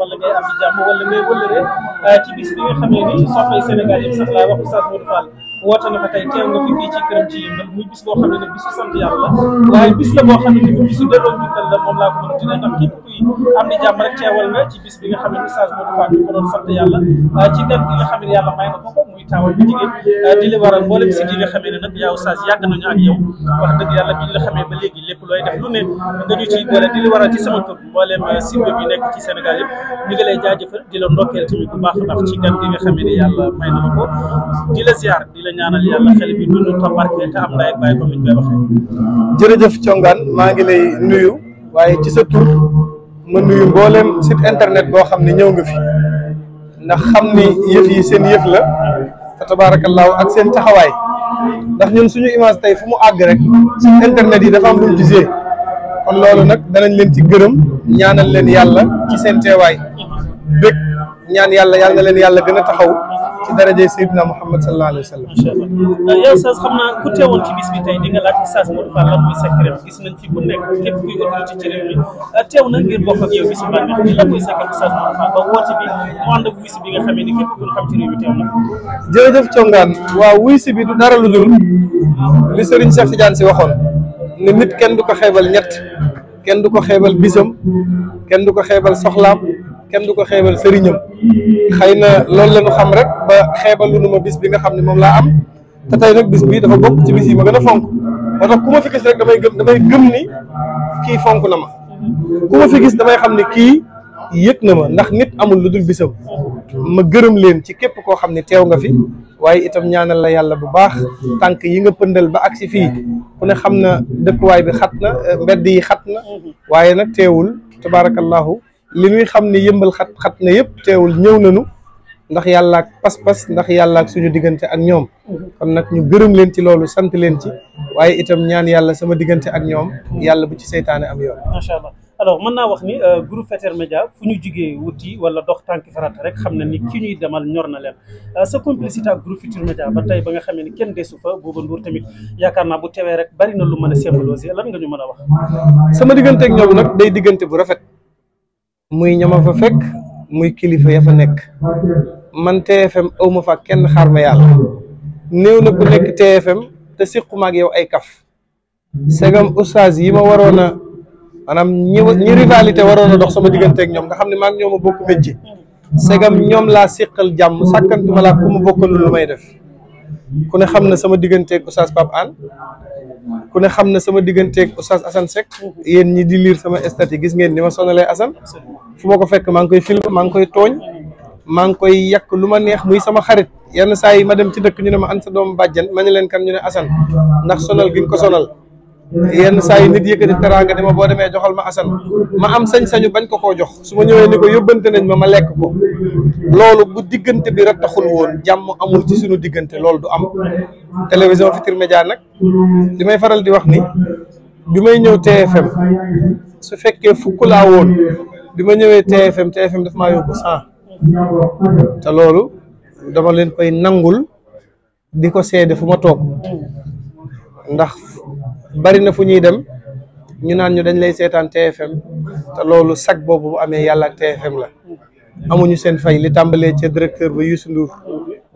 wala ngay am jàmm wala ngay wëllëre euh, ci bis bi nga xamee ni soppay Sénégal yëpp sax laay wax Oustaz Modou woote na ko tey teew nga fi fii ci këram ci yëmbal muy bis boo xam ne nag bisu sant yàlla la waaye bis la boo xam ne ni bisu delloo njukkal la moom laa ko mën a tuddee ndax képp kuy am ni jàmm rek teewal na ci bis bi nga xam ne message boobu faa ko doon sant yàlla ci gan gi nga xam ne yàlla may na ko ko muy taawal bu jigéen di li waral mboolem si gi nga xamee ne nag yaa oustaz yàgg nañu ak yow wax dëgg yàlla bi ñu la xamee ba léegi lépp looy def lu ne nga ñu ciy boole di li waral ci sama tur mboolem sirbe bi nekk ci Sénégal yëpp ñu ngi lay jaajëfal di la ndokkeel tamit bu baax a baax ci gan gi nga xamee ne yàlla may na ko di la ziar di la ñaanal yàlla xel bi dund te jërëjëf Thiongane maa ngi lay nuyu waaye ci sa tur ma nuyu mbooleem site internet boo xam ne ñëw nga fi ndax xam ni yëf yi seen yëf la fa tabaarakallaahu ak seen taxawaay ndax ñun suñu image tey fu mu àgg rek site internet yi dafa am lu mu gisee kon loolu nag danañ leen ci gërëm ñaanal leen yàlla ci seen teewaay bëgg ñaan yàlla yàlla leen yàlla gën a taxaw. ci daraje Seydina Muhammad sallallahu alayhi wa sallam. macha allah yow Oustaz xam naa ku teewoon ci gis bi lan mooy secret euh, Oustaz Modou Fall mu ànd ak wuysi bi nga xamee ni képp ku xam ci réew mi teew na. jërëjëf Thiongaan waaw wuysi bi du si waxoon ne du ko xeebal ñett du ko xeebal bisam du ko xeebal soxlaam. kenn du ko xeebal sëriñam xëy na loolu la ñu xam rek ba xeebal lu nu ma bis bi nga xam ne moom laa am te tey nag bis bi dafa bokk ci bis yi ma gën a fonk moo tax ku ma fi gis damay gëm damay gëm fonk na fi gis damay xam ne kii yëg na ma ndax nit amul lu dul bisam ma gërëm leen ci képp koo xam ne teew nga fi waaye itam ñaanal la yàlla bu baax tànk yi nga pëndal ba agsi fii ku ne xam na dëkkuwaay bi xat na mbedd yi xat na waaye nag teewul tabaarakallahu li ñuy xam ne yëmbal xat xat na yëpp teewul ñëw nañu ndax yàlla ak pas-pas ndax yàllaak suñu diggante ak ñoom kon nag ñu gërëm leen ci loolu sant leen ci waaye itam ñaan yàlla sama diggante ak ñoom yàlla bu ci seytaane am yoon. macha allah alors mën naa wax ni euh, groupe Futurs Médias fu ñu jugee wuti wala dox tànki farata rek xam na ni ki ñuy demal ñor na leen euh, sa complicité ak groupe Futurs Médias ba ba nga xamee ni kenn desu fa booba tamit yaakaar naa bu tewee bari na lu mën a symbolose lan nga ñu mën a wax. sama diggante ak ñoom nag day diggante bu rafet. muy ñama fa fekk muy kilifa ya fa nekk man TFM aw ma fa kenn xaar ma yàlla néew ma ku nekk TFM te siquma ak yow ay kaf segam oustaz yi ma waroon a maanaam ñi ñi rivalité waroon a dox sama diggante ak ñoom nga xam ne maa ngi ñoom a bokk métier segam ñoom laa siqal jàmm sàkkantuma laa ku ma bokkal may def ku ne xam na sama digganteeg Oustaz Pape Hann ku ne xam na sama digganteeg Oustaz Assane Seck yéen ñi di lire sama stat yi gis ngeen ni ma sonalee Assane fu ma ko fekk maa ngi koy film maa ngi koy tooñ maa ngi koy yàq lu ma neex muy sama xarit yenn saa yi ma dem ci dëkk ñu ne ma an sa doom bàjjen ma ñu leen kan ñu ne Assane ndax sonal gi ko sonal yenn saa yi nit yëkkati teraanga dama boo demee joxal ma asan ma am sañ-sañu bañ ko koo jox su ma ñëwee ni ko yóbbante nañ ma ma lekk ko loolu bu diggante bi rek taxul woon jàmm amul ci suñu diggante loolu du am télévision Futurs Médias nag li may faral di wax ni bi may ñëw TFM su fekkee fukk laa woon bi ma ñëwee TFM TFM daf maa yóbbu cent te loolu dama leen koy nangul di ko seede fu ma toog ndax bari na fu ñuy dem ñu naan ñu dañ lay seetaan TFM te loolu sag boobu amee yàlla ak TFM la amuñu seen fay li tàmbalee ca directeur ba Youssou Ndour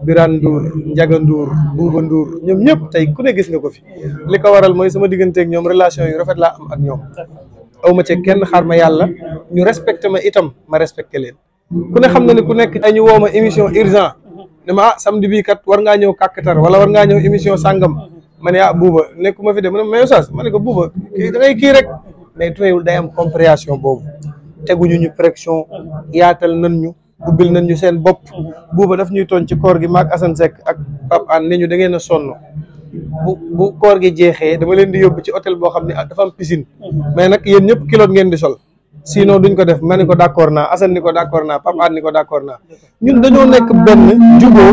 Birane Ndour Ndiaga Ndour Bouba Ndour ñoom ñëpp tey ku ne gis nga ko fi li ko waral mooy sama digganteeg ñoom relation yu rafet laa am ak ñoom awma ci kenn xaar ma yàlla ñu respecté ma itam ma respecté leen ku ne xam na ne ku nekk ay ñu woo ma émission urgent ne ma ah samedi bii kat war ngaa ñëw kàkkatar wala war ngaa ñëw émission sàngam ma a ah buuba nekkuma fi de ma ne mais oustaz ma ne ko buuba kii da kii rek mais tuwéewul day am compréhension boobu teguñu ñu pression yaatal nan ñu ubbil nan ñu seen bopp buuba daf ñuy tooñ ci koor gi maak Assane Seck ak Pape An ne ñu dangeen ngeen a sonn bu bu koor gi jeexee dama leen di yóbbu ci hôtel boo xam ne ah, dafa am piscine mais nag yéen ñëpp kiloot ngeen di sol sinon duñ ko def ma ni ko d'accord naa Assane ni ko d'accord naa Pape An ni ko d'accord naa ñun dañoo nekk benn jubóo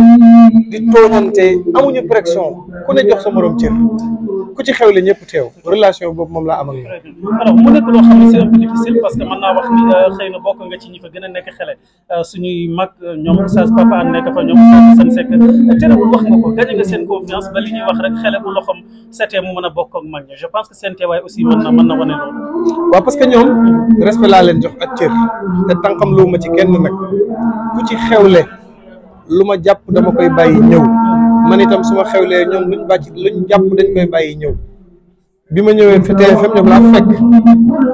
di tooñante amuñu pression ku ne jox sa morom cër ku ci xewle ñëpp teew relation boobu moom la am ak moom. alors mu nekk loo xam ne c'est un peu parce que mën naa wax ni euh, xëy na bokk nga ci ñi fa gën a nekk xele euh, suñuy mag euh, ñoom Oustaz Papa An nekk fa ñoom Oustaz Sane Seck terewul wax ko a bokk mag ñi je pense que seen teewaay aussi mën na mën wane loolu. waaw parce que ñoom respect laa leen jox ak cër te tànkam lu ma ci kenn nag ku ci xewle lu ma jàpp dama koy bàyyi ñëw. man itam su ma xewlee ñoom luñ bàcc luñ jàpp dañ koy bàyyi ñëw bi ma ñëwee fi TFM ñoom laa fekk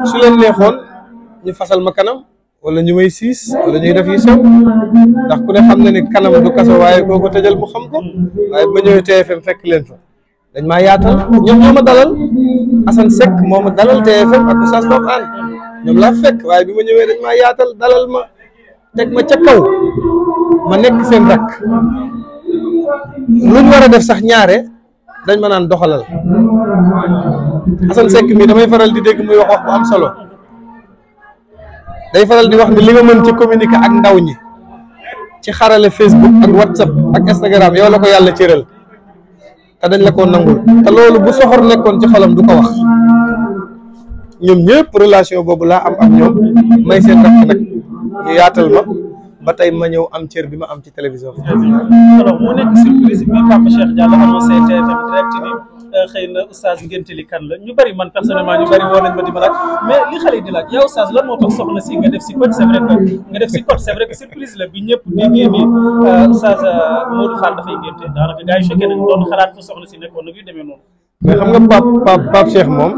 su leen neexoon ñu fasal ma kanam wala ñu may siis wala ñuy def yi sew ndax ku ne xam na ni kanam du kaso waaye boo ko tëjal mu xam ko waaye bi ma ñëwee TFM fekk leen fa dañ maa yaatal ñoom ñoo ma dalal Assane Seck moo ma dalal TFM ak Oustaz Pape Hann ñoom laa fekk waaye bi ma ñëwee dañ maa yaatal dalal ma teg ma ca kaw ma nekk seen rakk luñ war def sax ñaare dañ ma naan doxalal Assane Seck mi damay faral di dégg muy wax wax bu am solo day faral di wax ni li nga mën ci communiquer ak ndaw ñi ci xarale Facebook ak WhatsApp ak Instagram yow la ko yàlla cëral te dañ la ko nangul te loolu bu soxor nekkoon ci xolam du ko wax ñoom ñëpp relation boobu laa am ak ñoom may seen rakk nag yaatal ma ba tey ma ñëw am cër bi ma am ci télévision bi. alors mu surprise bi Papa Cheikh Diallo annoncé euh, xëy na oustaz ngénte li la ñu bari man personnellement ñu ma di ma mais li xale yi nga def si code c'est vrai que bi ñëpp déggee ni euh, oustaz euh, Modou Fall dafay ngénte daanaka gars yi choqué nañ doon xalaat soxna si nekkoon nag yu demee noonu. mais xam nga moom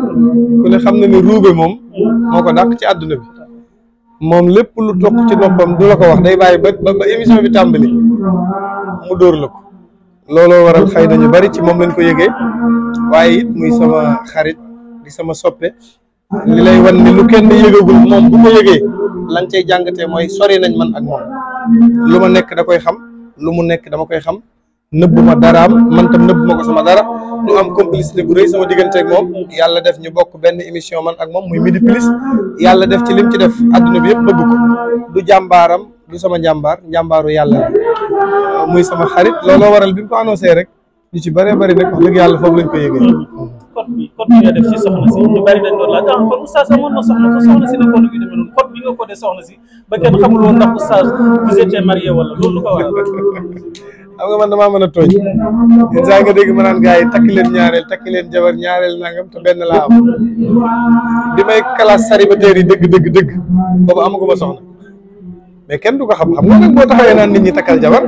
ku ne xam na ni ruube moom hmm. moo ko dàq ci àdduna bi. moom lépp lu toq ci boppam du la ko wax day bàyyi ba ba émission bi tàmbali mu dóor la ko looloo waral xëy na ñu bari ci moom lañ ko yëgee waaye it muy sama xarit di sama soppe li lay wan ni lu kenn yëgagul moom bu ma yégee lañ cay jàngatee mooy sori nañ man ak moom lu ma nekk da koy xam lu mu nekk dama koy xam nëbbu ma daraam man tam nëbbu ma ko sama dara ñu am complicité bu rëy sama diggante ak moom yàlla def ñu bokk benn émission man ak moom muy Midi Plus yàlla def ci lim ci def adduna bi yëpp bëgg ko du jàmbaaram du sama njàmbaar njàmbaaru yàlla euh, muy sama xarit looloo waral bi mu ko annoncé rek ñu ci bëree bëri nag wax dëgg yàlla foofu lañ ko yëgee. code bi code bi nga def ci soxna si ñu bëri ah, na soxna ko soxna bi demee noonu code bi nga soxna si ba kenn xamul woon ndax oustaz vous étiez marié wala loolu lu ko waral xam maa man damaa mën a tooñ yéen saa nga dégg ma naan gars yi takk leen ñaareel takk leen jabar ñaareel nangam ta benn laa am bi may classe célibataire yi dëgg dëgg dëgg boobu amaguma soxna mais kenn du ko xam xam nga nag boo naan nit ñi takkal jabar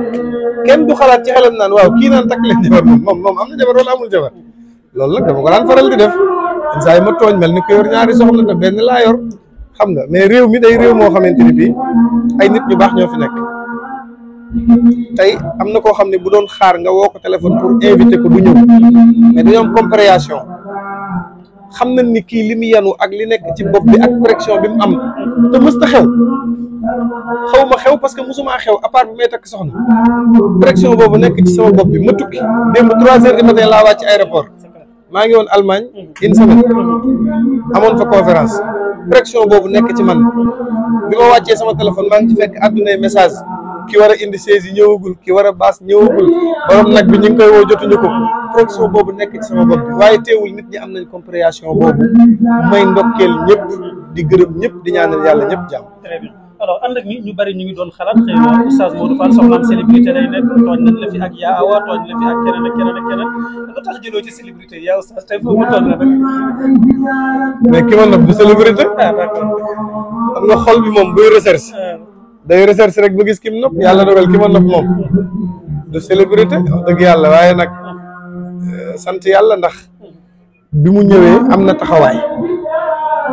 kenn du xalaat ci xelam naan waaw kii naan takk leen jabar moom moom moom am na amul jabar loolu nag dama ko daan faral di def yéen ma tooñ mel ni ko yor ñaari soxna te benn laa yor xam nga mais réew mi day réew moo xamante ni bii ay nit ñu baax ñoo fi nekk tey am na koo xam ne bu doon xaar nga woo ko téléphone pour inviter ko du ñëw mais dañoo am compréhension xam nañ ni kii li mu yanu ak li nekk ci bopp bi ak correction bi mu am te mës ta xew xaw ma xew parce que mosumaa xew à part bi may takk soxna correction boobu nekk ci sama bopp bi ma tukki démb trois heures du matin laa wàcc aéroport maa ngi woon Allemagne une semaine amoon fa conférence correction boobu nekk ci man bi ma wàccee sama téléphone maa ngi ci fekk àddunay message ki war a indi chaise yi ñëwagul ki war a baas ñëwagul borom nag bi ñu ngi koy woo jotuñu ko production boobu nekk ci sama bopp waaye teewul nit ñi am nañ compréhension boobu may ndokkeel ñëpp di gërëm ñëpp di ñaanal yàlla ñëpp jàmm. très bien alors ñu bari ñu ngi doon xalaat xëy na oustaz Modou Fall soxnaam célébrité lay nekk tooñ nañ la fi ak yaa awa tooñ la fi ak keneen ak keneen célébrité yi yaa ah, xol bi moom buy recherche. Ah. day recherche rek ba gis ki mu nopp yàlla dogal ki ma nopp moom du célébrité wax dëgg yàlla waaye nag euh, sant yàlla ndax bi mu ñëwee am na taxawaay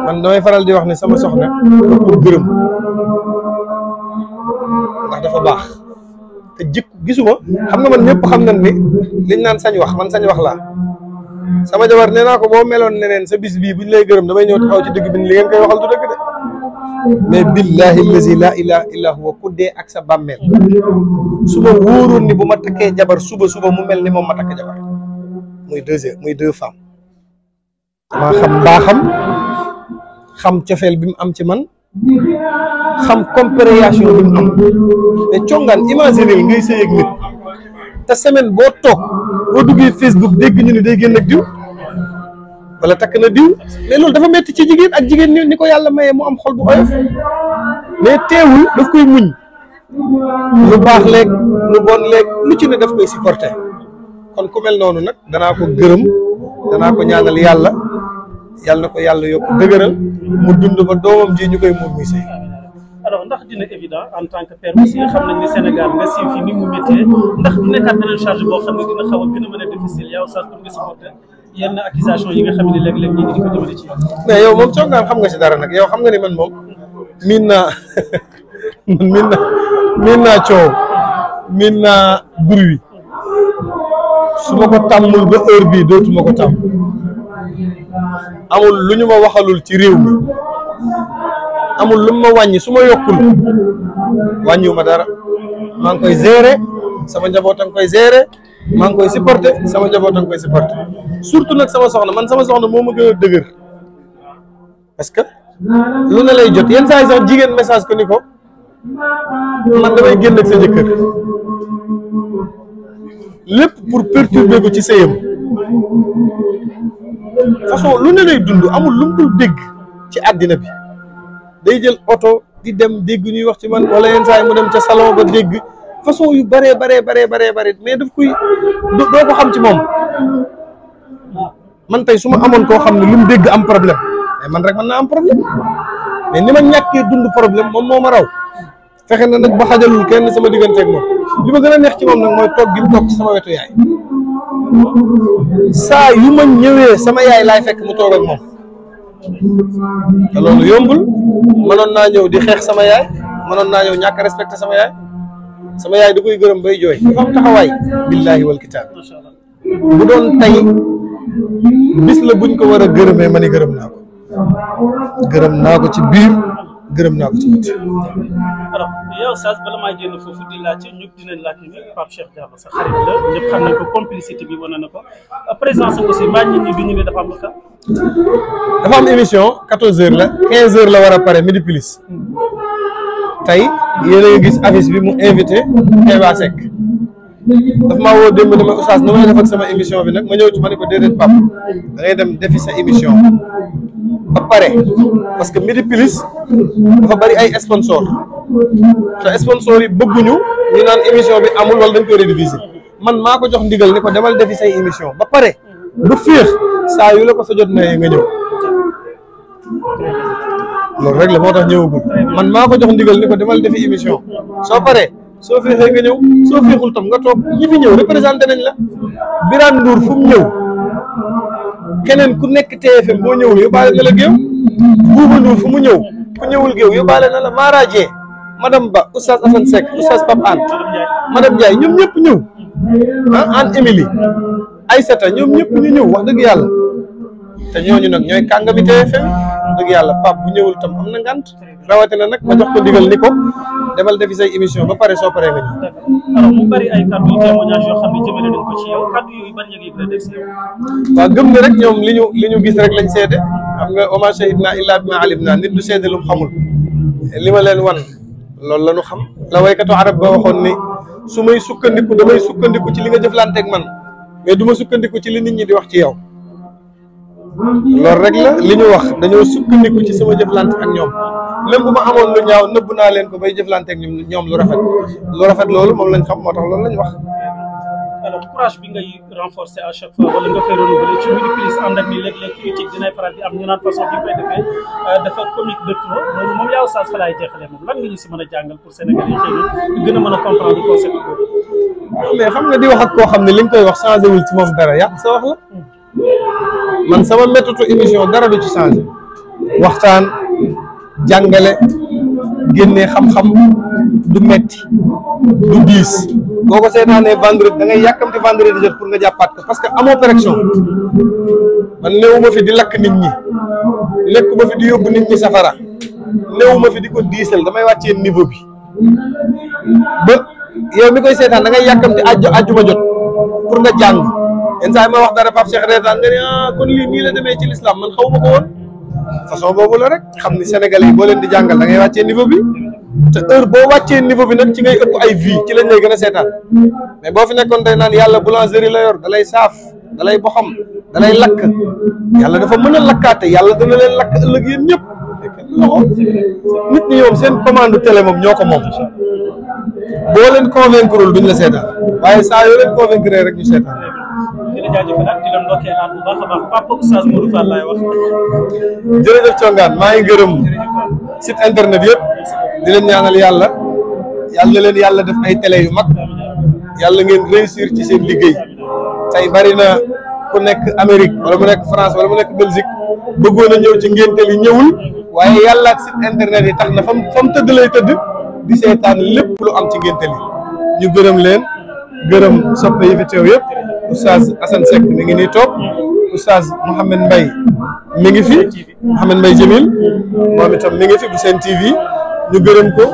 man damay faral di wax ne sama soxna pour gërëm ndax dafa baax te jik gisuma xam nga man ñëpp xam na ni liñ naan sañ wax man sañ wax laa sama jabar nee naa ko boo meloon neneen sa bis bii buñ lay gërëm damay ñëw taxaw ci digg bi li ngeen koy waxal du dëgg de mais billahi lazi la ilaha illa huwa ku dee ak sa bàmmeel su ma wóoroon ni bu ma takkee jabar suba suba mu mel ni moom ma takk jabar muy deux heures muy deux femmes maa xam baaxam xam bi mu am ci man xam compréhension bi mu am te congaan imaginer ngay sëy ak nit te semaine boo toog boo duggee Facebook dégg ñu ne day génn ak diw wala takk na diw mais dafa metti ci jigéen ak jigéen ni ko yàlla mayee mu am xol bu oyof mais teewul daf koy muñ lu baax leeg lu bon leeg lu ci ne daf koy supporté kon ku mel noonu nag danaa ko gërëm danaa ko ñaanal yàlla yàlla na ko yàlla yokk dëgëral mu dund ba doomam ji ñu koy muur muy sëy alors ndax dina évident mu méttee a gën a a yenn accusation yi nga xam ne léeg-léeg ñu ngi ko jëmale ci mais yow moom congaan xam nga si dara nag yow xam nga ni man moom miin naa man miin naa coow miin naa su ma ko tàmmul ba heure bii dootuma ko tàmm amul lu ñu ma waxalul ci réew mi amul lu ma wàññi su ma yokkul wàññiwu ma dara maa koy gérer sama njaboot a ngi koy gérer maa ngi koy supporté sama njaboot a ngi koy supporté surtout nag sama soxna man sama soxna moo ma gën a dëgër parce que lu ne lay jot yenn saa yi sax jigéen message ko ni ko man damay génn ak sa jëkkër lépp pour perturber ko ci sëyam façon lu ne lay dund amul lu mu dégg ci àddina bi day jël oto di dem dégg ñuy wax ci man wala yenn saa yi mu dem ca salon ba dégg façon yu bëree baree baree baree bëri mais daf koy doo ko xam ci moom man tey su ma amoon koo xam ne lu mu dégg am problème mais man rek mën naa am problème mais ni ma ñàkkee dund problème moom moo ma raw fexe na nag ba xajalul kenn sama digganteeg moom li ma gën a neex ci moom nag mooy toog gi mu toog ci sama wetu yaay saa yu ma ñëwee sama yaay laay fekk mu toog ak moom te loolu yombul mënoon naa ñëw di xeex sama yaay mënoon naa ñëw ñàkk respecté sama yaay sama yaay da koy gërëm bay jooy dafa am taxawaay billaahi wal kitaab bu doon tey bis la buñ ko war a gërëmee ma ni gërëm naa ko gërëm naa ko ci biir gërëm naa ko ci biti alors yow Sass bala maa xam nañ ko complicité bi wane na ko présence aussi maa ngi nii bi ñu ne dafa am lu dafa heures la 15 heures la war pare midi plus tey yéen a gis affiche bi mu invité Eva Seck dafa maa woo démb dama oustaz nu may def sama émission bi nag ma ñëw ci ma ne ko déedéet Pape da ngay dem defi sa émission ba pare parce que Midi Plus dafa bari ay sponsor te sponsor yi bëgguñu ñu naan émission bi amul wala dañ ko rédiviser man maa ko jox ndigal ni ko demal defi say émission ba pare du féex saa yu la ko sa jot na nga ñëw loolu rek la moo tax bu man maa ko jox ndigal ni ko demal defi émission soo paree soo féexee nga ñëw soo féexul tam nga toog ñi ñëw représenté nañ la Birane Ndour fu mu ñëw keneen ku nekk TFM boo ñëwul yóbbaale na la géew Bouba Ndour fu mu ñëw ku ñëwul géew yóbbaale na la Maaraaje Ba oustaz Assane Seck oustaz Pape Ane madame Ndiaye ñoom ñëpp ñëw ah Anne Émilie Aïssata ñoom ñëpp ñu ñëw wax dëgg yàlla te ñooñu nag ñooy kàngami TFM dëgg yàlla pap bu ñëwul tam am na ngant rawatina nag ma jox ko digal ni ko demal defi say émission ba pare soo paree nga ñëw. alors mu bari ay gëm ne rek ñoom li ñu li ñu gis rek lañ seede xam nga wa maa shahidnaa illaa bimaa alimnaa nit du seede lu xamul li ma leen wan loolu la ñu xam la waykatu arab ba waxoon ni su may sukkandiku damay sukkandiku ci li nga jëflanteeg man mais du ma sukkandiku ci li nit ñi di wax ci yow. loolu rek la li ñu wax dañoo sukkandiku ci sama jëflante ak ñoom même bu ma amoon lu ñaaw nëbb naa leen ko bay jëflante ak ñoom lu rafet lu rafet loolu moom lañ xam loolu lañ wax. alors courage bi ngay renforcer à chaque fois wala nga koy renouveler ci multiplice ànd ak ni léeg-léeg critique dinay faral di am ñu naan façon bi ñu koy defee euh, dafa comique de trop loolu moom yaa Oustaz si mën a jàngal pour Sénégal yi xëy a mën a comprendre xam nga di wax ak koo xam ne li nga koy wax changé wul ci moom dara yàq sa wax man sama méttitu émission dara du ci changé waxtaan jàngale génne xam-xam du metti du diis boo ko seetaanee vendredi da ngay yàkkamti vendredi jot pour nga jàppaat ko parce que amoo pression man néewuma fi di lakk nit ñi lekkuma fi di yóbbu nit ñi safara néewuma fi di ko diisal damay wàccee niveau bi ba yow mi koy seetaan da ngay yàkkamti àjjuma jot pour nga jàng yenn saa yi ma wax dara Pape Cheikh reetaan nga ne ah kon lii nii la demee ci l'islam man xaw ma ko woon façon boobu la rek xam ni sénégalais yi boo leen di jàngal da ngay wàccee niveau bi te heure boo wàccee niveau bi nag ci ngay ëpp ay vie ci lañ lay gën a seetaan mais boo fi nekkoon day naan yàlla boulangerie la yor dalay saaf dalay boxam dalay lakk yàlla dafa mën a lakkaate yàlla dana leen lakk ëllëg yéen ñëpp loxo nit ñi ñoom seen commande télé moom ñoo ko moom boo leen convaincre duñ la seetaan waaye saa yoo leen convaincre rek ñu seetaan di la jaajëfalaat di jërëjëf Thiongaan maa ngi gërëm site internet yëpp di leen ñaanal yàlla yàlla leen yàlla def ay télé yu mag yàlla ngeen réussir ci seen liggéey tey bari na ku nekk Amérique wala mu nekk France wala mu nekk Belgique bëggoon a ñëw ci ngénteel yi ñëwul waaye yàlla ak site internet yi tax na fam fam tëdd lay tëdd di seetaan lépp lu am ci ngénteel yi ñu gërëm leen gërëm soppe yi fi teew yëpp oustaz Assane Seck mi ngi nii toog oustaz Mouhamed mbay mi ngi fi Mouhamed Mbaye Jamil moom itam mi ngi fi bu seen TV ñu gërëm ko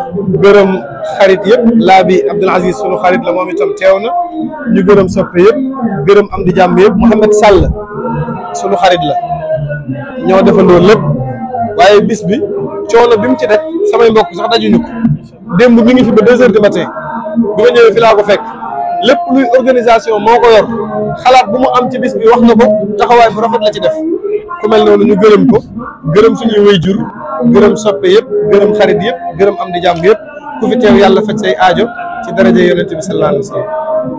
gërëm xarit yëpp laa bi Abdoul Aziz sunu xarit la moom itam teew na ñu gërëm soppe yëpp gërëm am di jàmb yëpp Mouhamed Sall sunu xarit la ñoo defandoo lépp waaye bis bi coono bi mu ci daj samay mbokk sax dajuñu ko démb mi ngi fi ba deux heures du matin bi ma ñëwee fi laa ko fekk lépp luy organisation moo ko yor xalaat bu mu am ci bis bi wax na ko taxawaay bu rafet la ci def ku mel noonu ñu gërëm ko gërëm suñuy waajur gërëm soppe yëpp gërëm xarit yëpp gërëm am di jàmm yëpp ku fi teew yàlla faj say aajo ci daraja yonente bi sallallahu alayhi wa